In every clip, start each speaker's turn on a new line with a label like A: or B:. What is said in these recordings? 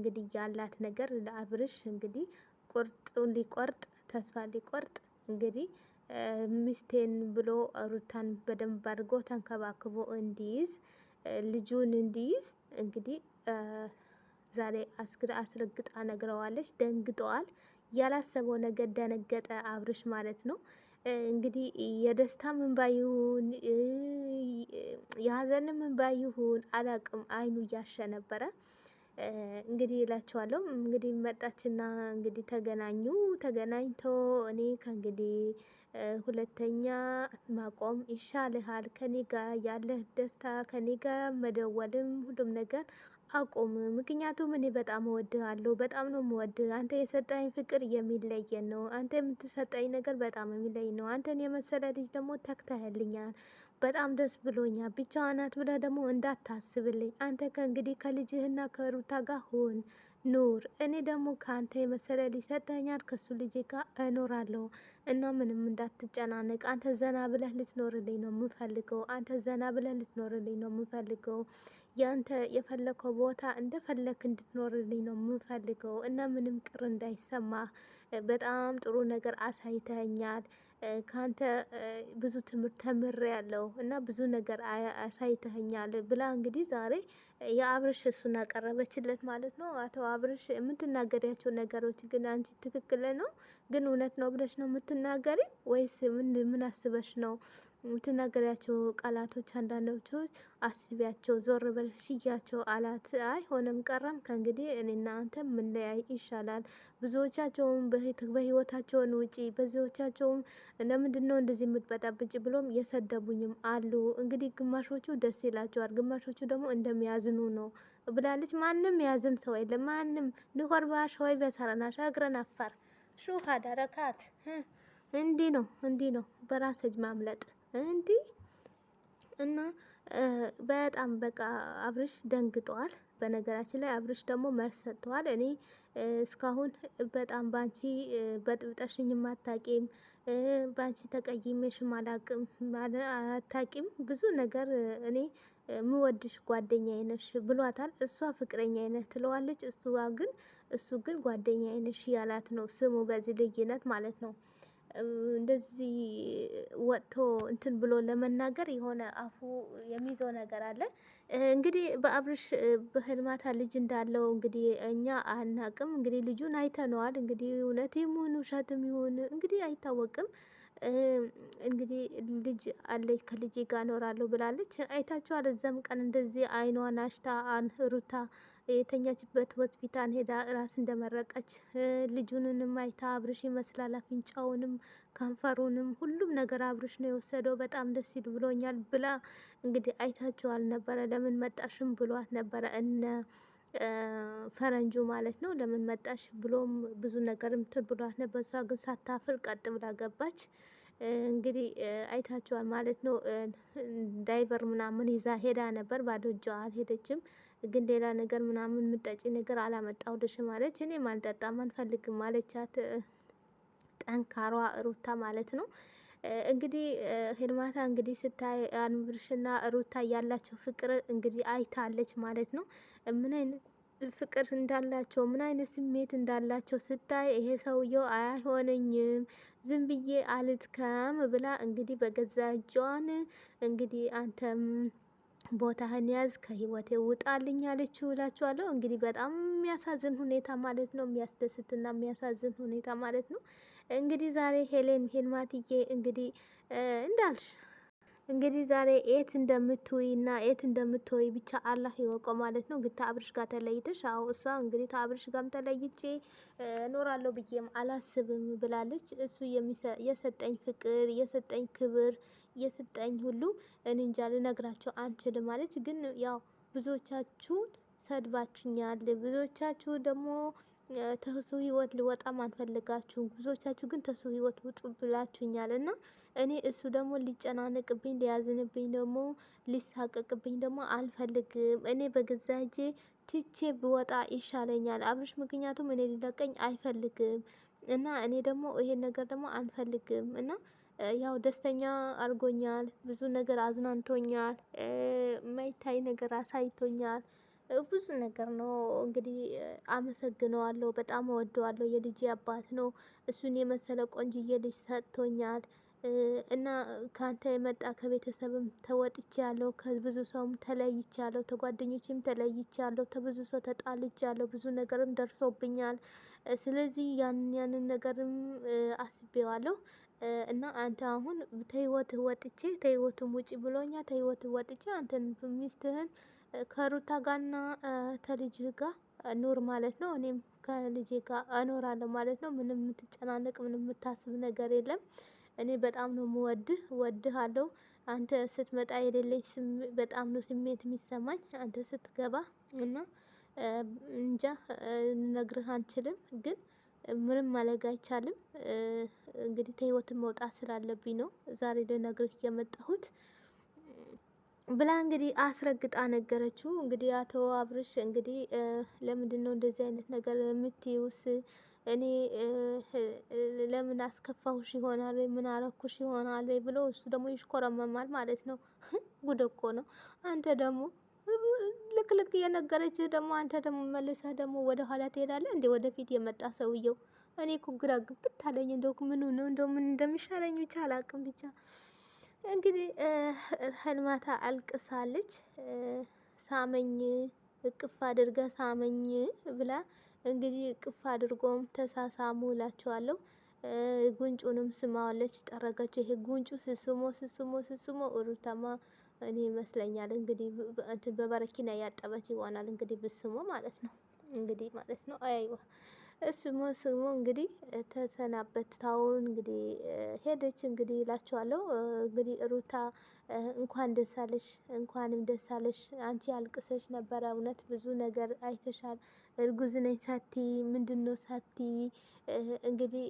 A: እንግዲህ ያላት ነገር ለአብርሽ እንግዲህ ቁርጡ ሊቆርጥ ተስፋ ሊቆርጥ እንግዲህ ሚስቴን ብሎ ሩታን በደንብ አድርጎ ተንከባክቦ እንዲይዝ ልጁን እንዲይዝ እንግዲህ ዛሬ አስግራ አስረግጣ ነግረዋለች። ደንግጠዋል። ያላሰበው ነገር ደነገጠ አብርሽ ማለት ነው። እንግዲህ የደስታ ምንባ ይሁን የሀዘን ምንባ ይሁን አላቅም፣ አይኑ እያሸ ነበረ። እንግዲህ እላችኋለሁ እንግዲህ መጣችና እንግዲህ ተገናኙ። ተገናኝቶ እኔ ከእንግዲህ ሁለተኛ ማቆም ይሻልሃል፣ ከኔ ጋር ያለህ ደስታ፣ ከኔ ጋር መደወልም ሁሉም ነገር አቁም። ምክንያቱም እኔ በጣም እወድሃለሁ፣ በጣም ነው የምወድህ። አንተ የሰጠኝ ፍቅር የሚለየን ነው። አንተ የምትሰጠኝ ነገር በጣም የሚለይ ነው። አንተን የመሰለ ልጅ ደግሞ ተክተህልኛል። በጣም ደስ ብሎኛል። ብቻዋ ናት ብለ ደግሞ እንዳታስብልኝ። አንተ ከእንግዲህ ከልጅህና ከሩታ ጋር ሁን ኑር። እኔ ደግሞ ከአንተ የመሰለ ልጅ ከሱ ልጅ ጋር እኖራለሁ እና ምንም እንዳትጨናነቅ። አንተ ዘና ብለህ ልትኖርልኝ ነው የምፈልገው። አንተ ዘና ብለህ ልትኖርልኝ ነው የምፈልገው። የአንተ የፈለከው ቦታ እንደፈለክ እንድትኖርልኝ ነው የምፈልገው እና ምንም ቅር እንዳይሰማህ። በጣም ጥሩ ነገር አሳይተኛል። ከአንተ ብዙ ትምህርት ተምር ያለው እና ብዙ ነገር አሳይተኸኛል ብላ እንግዲህ ዛሬ የአብርሽ እሱን አቀረበችለት ማለት ነው። አቶ አብርሽ የምትናገሪያቸው ነገሮች ግን አንቺ ትክክል ነው ግን እውነት ነው ብለሽ ነው የምትናገሪ ወይስ ምን አስበሽ ነው? የምትናገሪያቸው ቃላቶች አንዳንዶቹ አስቢያቸው፣ ዞር በል ሽያቸው አላት። አይ ሆነም ቀረም ከእንግዲህ እኔና አንተ ምንለያይ ይሻላል። ብዙዎቻቸውም በህይወታቸውን ውጪ፣ ብዙዎቻቸውም ለምንድን ነው እንደዚህ የምትበጣብጭ ብሎም የሰደቡኝም አሉ። እንግዲህ ግማሾቹ ደስ ይላቸዋል፣ ግማሾቹ ደግሞ እንደሚያዝኑ ነው ብላለች። ማንም ያዝን ሰው የለም። ማንም ንኮርባ ወይ በሰረና ሻግረን አፋር
B: ሹሃ ደረካት
A: እንዲህ ነው እንዲህ ነው በራስ እጅ ማምለጥ እንዲህ እና በጣም በቃ አብርሽ ደንግጠዋል። በነገራችን ላይ አብርሽ ደግሞ መልስ ሰጥተዋል። እኔ እስካሁን በጣም ባንቺ በጥብጠሽኝ ማታቂም ባንቺ ተቀይሜሽም አላቅም አታቂም፣ ብዙ ነገር እኔ ምወድሽ ጓደኛ አይነሽ ብሏታል። እሷ ፍቅረኛ አይነት ትለዋለች። እሷ ግን እሱ ግን ጓደኛ አይነሽ ያላት ነው ስሙ በዚህ ልዩነት ማለት ነው። እንደዚህ ወጥቶ እንትን ብሎ ለመናገር የሆነ አፉ የሚይዘው ነገር አለ። እንግዲህ በአብርሽ በህልማታ ልጅ እንዳለው እንግዲህ እኛ አናቅም። እንግዲህ ልጁን አይተነዋል። እንግዲህ እውነት ይሁን ውሸትም ይሁን እንግዲህ አይታወቅም። እንግዲህ ልጅ አለች ከልጅ ጋር እኖራለሁ ብላለች። አይታችኋል። እዛም ቀን እንደዚህ አይኗን አሽታ አን ሩታ የተኛችበት ሆስፒታል ሄዳ ራስ እንደመረቀች ልጁንንም አይታ አብርሽ ይመስላል አፍንጫውንም ከንፈሩንም ሁሉም ነገር አብርሽ ነው የወሰደው በጣም ደስ ይል ብሎኛል ብላ እንግዲህ አይታችኋል ነበረ። ለምን መጣሽም ብሏት ነበረ እነ ፈረንጁ ማለት ነው። ለምን መጣሽ ብሎም ብዙ ነገር ምትል ብሏት ነበር። እሷ ግን ሳታፍር ቀጥ ብላ ገባች። እንግዲህ አይታችኋል ማለት ነው። ዳይቨር ምናምን ይዛ ሄዳ ነበር። ባዶ እጇ አልሄደችም። ግን ሌላ ነገር ምናምን ምጠጪ ነገር አላመጣሁልሽም አለች። እኔም አልጠጣም አልፈልግም አለቻት። ጠንካሯ ሩታ ማለት ነው። እንግዲህ ሄልማታ እንግዲህ ስታይ አንብርሽና ሩታ ያላቸው ፍቅር እንግዲህ አይታለች ማለት ነው። ምን አይነት ፍቅር እንዳላቸው ምን አይነት ስሜት እንዳላቸው ስታይ ይሄ ሰውየው አይሆነኝም ዝም ብዬ አልትከም ብላ እንግዲህ በገዛ እጇን እንግዲህ አንተም ቦታህን ያዝ ከህይወቴ ውጣልኝ አለች እላችኋለሁ። እንግዲህ በጣም የሚያሳዝን ሁኔታ ማለት ነው። የሚያስደስትና የሚያሳዝን ሁኔታ ማለት ነው። እንግዲህ ዛሬ ሄሌን ሄልማትዬ እንግዲህ እንዳልሽ እንግዲህ ዛሬ የት እንደምትውይ እና የት እንደምትወይ ብቻ አላህ ይወቀው ማለት ነው። እንግዲህ አብርሽ ጋር ተለይተሽ፣ አዎ እሷ እንግዲህ አብርሽ ጋርም ተለይቼ እኖራለሁ ብዬም አላስብም ብላለች። እሱ የሰጠኝ ፍቅር፣ የሰጠኝ ክብር፣ የሰጠኝ ሁሉ እኔ እንጃ ልነግራቸው አንችልም ማለች። ግን ያው ብዙዎቻችሁ ሰድባችሁኛል፣ ብዙዎቻችሁ ደግሞ ተሱ ህይወት ልወጣም አንፈልጋችሁም፣ ብዙዎቻችሁ ግን ተሱ ህይወት ውጡ ብላችሁኛል እና እኔ እሱ ደግሞ ሊጨናነቅብኝ ሊያዝንብኝ ደግሞ ሊሳቀቅብኝ ደግሞ አልፈልግም። እኔ በገዛ እጄ ትቼ ብወጣ ይሻለኛል አብርሽ፣ ምክንያቱም እኔ ሊለቀኝ አይፈልግም እና እኔ ደግሞ ይሄን ነገር ደግሞ አልፈልግም እና ያው ደስተኛ አድርጎኛል፣ ብዙ ነገር አዝናንቶኛል፣ ማይታይ ነገር አሳይቶኛል። ብዙ ነገር ነው እንግዲህ አመሰግነዋለሁ። በጣም እወደዋለሁ። የልጄ አባት ነው። እሱን የመሰለ ቆንጅዬ ልጅ ሰጥቶኛል። እና ከአንተ የመጣ ከቤተሰብም ተወጥቻለሁ፣ ከብዙ ሰውም ተለይቻለሁ፣ ከጓደኞችም ተለይቻለሁ፣ ከብዙ ሰው ተጣልቻለሁ፣ ብዙ ነገርም ደርሶብኛል። ስለዚህ ያንን ያንን ነገርም አስቤዋለሁ እና አንተ አሁን ተህይወት ወጥቼ ተህይወቱም ውጪ ብሎኛ ተህይወት ወጥቼ አንተን ሚስትህን ከሩታ ጋርና ከልጅህ ጋር ኑር ማለት ነው። እኔም ከልጄ ጋር እኖራለሁ ማለት ነው። ምንም የምትጨናነቅ ምንም የምታስብ ነገር የለም። እኔ በጣም ነው የምወድህ እወድሃለሁ። አንተ ስትመጣ የሌለኝ በጣም ነው ስሜት የሚሰማኝ አንተ ስትገባ እና እንጃ ልነግርህ አንችልም ግን ምንም ማለግ አይቻልም። እንግዲህ ከህይወትም መውጣት ስላለብኝ ነው ዛሬ ልነግርህ የመጣሁት ብላ እንግዲህ አስረግጣ ነገረችው። እንግዲህ አቶ አብርሽ እንግዲህ ለምንድነው እንደዚህ አይነት ነገር የምትይውስ? እኔ ለምን አስከፋሁሽ ይሆናል ወይ ምን አረኩሽ ይሆናል ወይ ብሎ እሱ ደግሞ ይሽኮረመማል ማለት ነው። ጉድ እኮ ነው። አንተ ደግሞ ልክ ልክ እየነገረችህ ደግሞ አንተ ደግሞ መልሰህ ደግሞ ወደ ኋላ ትሄዳለህ እንዴ? ወደፊት የመጣ ሰውየው እኔ እኮ ግራ ግብት አለኝ። እንደው ምኑ ነው እንደው ምን እንደሚሻለኝ ብቻ አላቅም። ብቻ እንግዲህ ህልማታ አልቅሳለች። ሳመኝ እቅፍ አድርገ ሳመኝ ብላ እንግዲህ ቅፍ አድርጎም ተሳሳሙ እላችኋለሁ። ጉንጩንም ስማዋለች ጠረገችው። ይሄ ጉንጩ ስስሞ ስስሞ ስስሞ ሩታማ እኔ ይመስለኛል እንግዲህ በበረኪና ያጠበች ይሆናል እንግዲህ ብስሞ ማለት ነው እንግዲህ ማለት ነው። አይዋ እስሞ ስሞ እንግዲህ ታውን እንግዲህ ሄደች። እንግዲህ ይላችኋለሁ እንግዲህ ሩታ እንኳን ደሳለሽ፣ እንኳንም ደሳለሽ አንቺ አልቅሰሽ ነበረ። እውነት ብዙ ነገር አይተሻል። እርጉዝ ነኝ ሳቲ ምንድን ነው ሳቲ እንግዲህ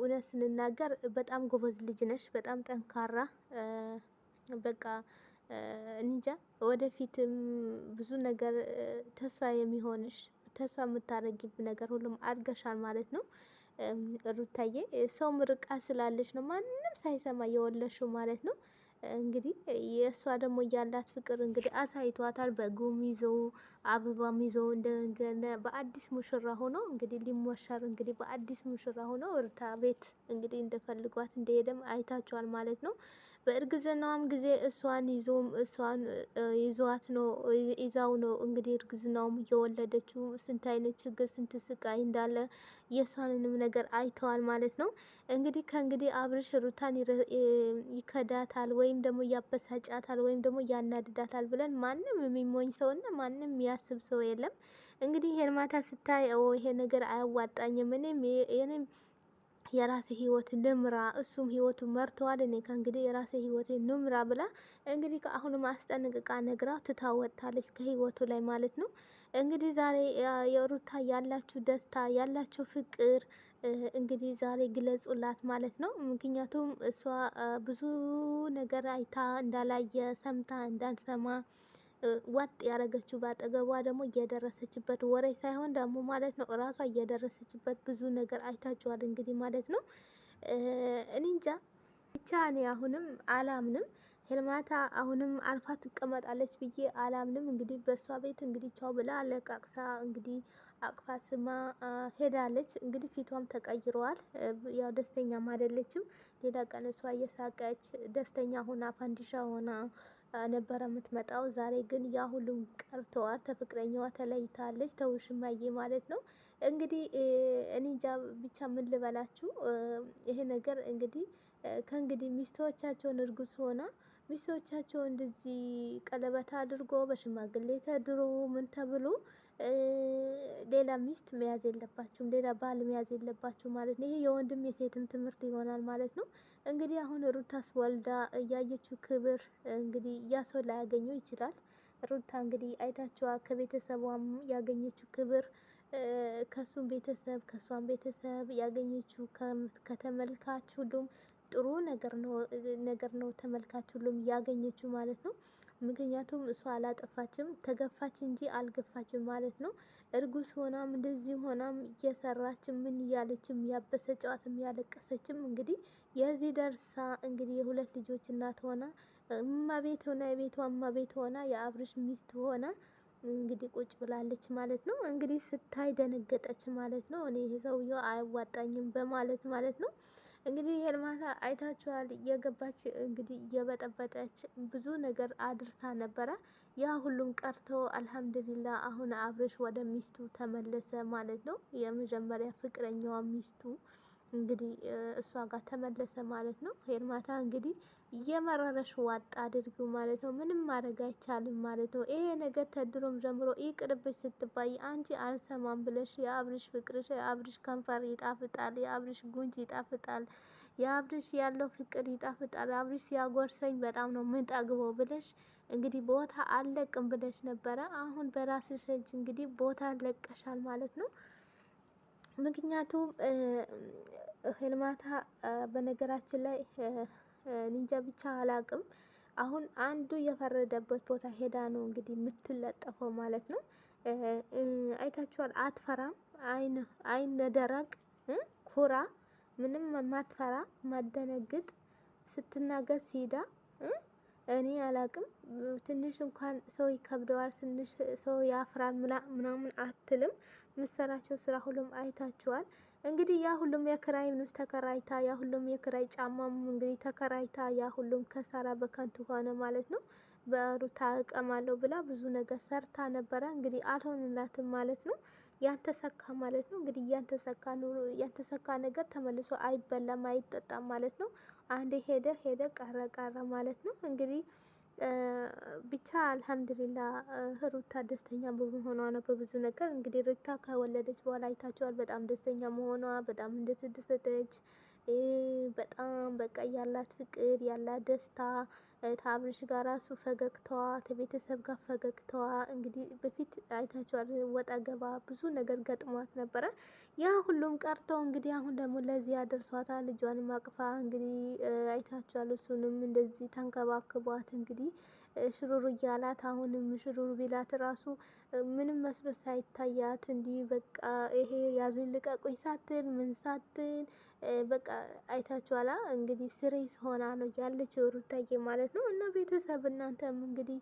A: እውነት ስንናገር በጣም ጎበዝ ልጅ ነሽ፣ በጣም ጠንካራ በቃ እንጃ ወደፊትም ብዙ ነገር ተስፋ የሚሆንሽ ተስፋ የምታደርጊብ ነገር ሁሉም አድርገሻል ማለት ነው። ሩታዬ ሰው ምርቃ ስላለች ነው ማንም ሳይሰማ የወለሽው ማለት ነው። እንግዲህ የእሷ ደግሞ እያላት ፍቅር እንግዲህ አሳይቷታል። በጉም ይዞ አበባም ይዞ እንደገና በአዲስ ሙሽራ ሆኖ እንግዲህ ሊሞሸር እንግዲህ በአዲስ ሙሽራ ሆኖ ሩታ ቤት እንግዲህ እንደፈልጓት እንደሄደም አይታችኋል ማለት ነው። በእርግዝናዋም ጊዜ እሷን ይዞም እሷን ይዟት ነው ይዛው ነው እንግዲህ እርግዝናውም እየወለደችው ስንት አይነት ችግር ስንት ስቃይ እንዳለ የእሷንንም ነገር አይተዋል ማለት ነው። እንግዲህ ከእንግዲህ አብርሽ ሩታን ይከዳታል ወይም ደግሞ ያበሳጫታል ወይም ደግሞ ያናድዳታል ብለን ማንም የሚሞኝ ሰውና ማንም የሚያስብ ሰው የለም። እንግዲህ ሄርማታ ስታይ ይሄ ነገር አያዋጣኝም እኔም የራሴ ህይወት ልምራ፣ እሱም ህይወቱ መርተዋል፣ እኔ ከእንግዲህ የራሴ ህይወቴ ንምራ ብላ እንግዲህ ከአሁንም ማስጠንቅቃ ነግራው ትታወጣለች ከህይወቱ ላይ ማለት ነው። እንግዲህ ዛሬ የሩታ ያላችሁ ደስታ ያላችሁ ፍቅር እንግዲህ ዛሬ ግለጹላት ማለት ነው። ምክንያቱም እሷ ብዙ ነገር አይታ እንዳላየ ሰምታ እንዳልሰማ ዋጥ ያደረገችው በአጠገቧ ደግሞ እየደረሰችበት ወሬ ሳይሆን ደግሞ ማለት ነው እራሷ እየደረሰችበት ብዙ ነገር አይታችኋል እንግዲህ ማለት ነው። እኔ እንጃ ብቻ እኔ አሁንም አላምንም ሄልማታ አሁንም አልፋ ትቀመጣለች ብዬ አላምንም። እንግዲህ በእሷ ቤት እንግዲህ ቻው ብላ ለቃቅሳ እንግዲህ አቅፋ ስማ ሄዳለች። እንግዲህ ፊቷም ተቀይረዋል። ያው ደስተኛም አይደለችም። ሌላ ቀን እሷ እየሳቀች ደስተኛ ሆና ፈንዲሻ ሆና ነበረ የምትመጣው። ዛሬ ግን ያ ሁሉም ቀርተዋል። ተፍቅረኛዋ ተለይታለች ተውሽማዬ ማለት ነው። እንግዲህ እኔ እንጃ ብቻ ምን ልበላችሁ። ይሄ ነገር እንግዲህ ከእንግዲህ ሚስቶቻቸውን እርጉዝ ሆና ሚስቶቻቸው እንደዚህ ቀለበት አድርጎ በሽማግሌ ተድሮ ምን ተብሎ ሌላ ሚስት መያዝ የለባችሁም፣ ሌላ ባል መያዝ የለባችሁ ማለት ነው። ይሄ የወንድም የሴትም ትምህርት ይሆናል ማለት ነው። እንግዲህ አሁን ሩታስ ወልዳ እያየችው ክብር እንግዲህ ያ ሰው ላያገኘው ይችላል። ሩታ እንግዲህ አይታችኋል። ከቤተሰቧም ያገኘችው ክብር ከሱም ቤተሰብ ከእሷም ቤተሰብ ያገኘችው ከተመልካች ሁሉም ጥሩ ነገር ነው ነገር ነው ተመልካች ሁሉም ያገኘችው ማለት ነው። ምክንያቱም እሷ አላጠፋችም፣ ተገፋች እንጂ አልገፋችም ማለት ነው። እርጉስ ሆናም እንደዚህ ሆናም እየሰራችም ምን እያለችም ያበሰ ጨዋትም ያለቀሰችም እንግዲህ የዚህ ደርሳ እንግዲህ የሁለት ልጆች እናት ሆና እማቤት ሆና የቤቷ እማቤት ሆና የአብርሽ ሚስት ሆና እንግዲህ ቁጭ ብላለች ማለት ነው። እንግዲህ ስታይ ደነገጠች ማለት ነው። እኔ ይሄ ሰውዬው አያዋጣኝም በማለት ማለት ነው። እንግዲህ ይሄን አይታችኋል። የገባች እንግዲህ የበጠበጠች ብዙ ነገር አድርሳ ነበረ። ያ ሁሉም ቀርቶ አልሐምድሊላ አሁን አብርሽ ወደ ሚስቱ ተመለሰ ማለት ነው። የመጀመሪያ ፍቅረኛዋ ሚስቱ እንግዲህ እሷ ጋር ተመለሰ ማለት ነው። ሄርማታ እንግዲህ እየመረረሽ ዋጣ አድርጊው ማለት ነው። ምንም ማድረግ አይቻልም ማለት ነው። ይሄ ነገር ተድሮም ጀምሮ ይቅርብሽ ስትባይ አንቺ አልሰማም ብለሽ የአብርሽ ፍቅርሽ የአብርሽ ከንፈር ይጣፍጣል፣ የአብርሽ ጉንጅ ይጣፍጣል፣ የአብርሽ ያለው ፍቅር ይጣፍጣል፣ አብርሽ ሲያጎርሰኝ በጣም ነው ምንጠግበው ብለሽ እንግዲህ ቦታ አለቅም ብለሽ ነበረ። አሁን በራስሽ እጅ እንግዲህ ቦታ ለቀሻል ማለት ነው። ምክንያቱም ህልማታ በነገራችን ላይ ኒንጃ ብቻ አላቅም። አሁን አንዱ የፈረደበት ቦታ ሄዳ ነው እንግዲህ የምትለጠፈው ማለት ነው። አይታችኋል። አትፈራም፣ አይን ደረቅ ኩራ፣ ምንም ማትፈራ ማደነግጥ ስትናገር ሲዳ እኔ አላቅም። ትንሽ እንኳን ሰው ይከብደዋል፣ ትንሽ ሰው ያፍራል ምናምን አትልም። የምትሰራቸው ስራ ሁሉም አይታችኋል። እንግዲህ ያ ሁሉም የክራይ ምንስ ተከራይታ ያ ሁሉም የክራይ ጫማም እንግዲህ ተከራይታ ያ ሁሉም ከሳራ በከንቱ ሆነ ማለት ነው። በሩታ እቀማለሁ ብላ ብዙ ነገር ሰርታ ነበረ። እንግዲህ አልሆንላትም ማለት ነው። ያንተሰካ ማለት ነው እንግዲህ ያንተሰካ ኑሮ ያንተሰካ ነገር ተመልሶ አይበላም አይጠጣም ማለት ነው። አንዴ ሄደ ሄደ ቀረ ቀረ ማለት ነው እንግዲህ ብቻ አልሐምድሊላ ሩታ ደስተኛ በመሆኗ ነው። በብዙ ነገር እንግዲህ ሩታ ከወለደች በኋላ አይታችኋል። በጣም ደስተኛ መሆኗ በጣም እንደተደሰተች በጣም በቃ ያላት ፍቅር ያላት ደስታ ከአብርሽ ጋር ራሱ ፈገግታዋ ከቤተሰብ ጋር ፈገግታዋ እንግዲህ በፊት አይታችኋል፣ ወጣ ገባ ብዙ ነገር ገጥሟት ነበረ። ያ ሁሉም ቀርተው እንግዲህ አሁን ደግሞ ለዚህ ያደርሷታ ልጇንም አቅፋ እንግዲህ አይታችኋል። እሱንም እንደዚህ ተንከባክቧት እንግዲህ ሽሩሩ እያላት አሁንም ሽሩሩ ቢላት ራሱ ምንም መስሎት ሳይታያት እንዲህ በቃ ይሄ ያዙኝ ልቀቁኝ ሳትል ምን ሳትል በቃ አይታችኋላ። እንግዲህ ስሬስ ሆና ነው ያለች ሩታዬ ማለት ነው። እና ቤተሰብ እናንተም እንግዲህ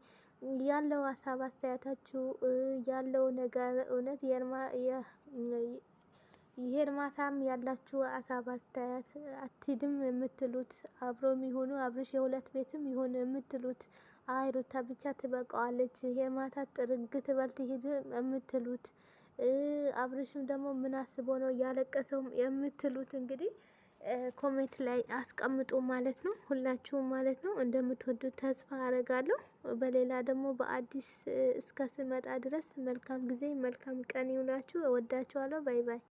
A: ያለው ሀሳብ አስተያየታችሁ ያለው ነገር እውነት የርማ ይሄ እርማታም ያላችሁ አሳብ አስተያየት አትድም የምትሉት አብሮም ይሁኑ አብርሽ የሁለት ቤትም ይሆኑ የምትሉት አይ ሩታ ብቻ ትበቃዋለች፣ ይሄ እርማታ ጥርግ ትበል ትሄድ የምትሉት አብርሽም ደግሞ ምን አስቦ ነው እያለቀሰውም የምትሉት እንግዲህ ኮሜንት ላይ አስቀምጡ ማለት ነው። ሁላችሁም ማለት ነው እንደምትወዱት ተስፋ አረጋለሁ። በሌላ ደግሞ በአዲስ እስከ ስመጣ ድረስ መልካም ጊዜ መልካም ቀን ይውላችሁ። እወዳችኋለሁ። ባይ ባይ።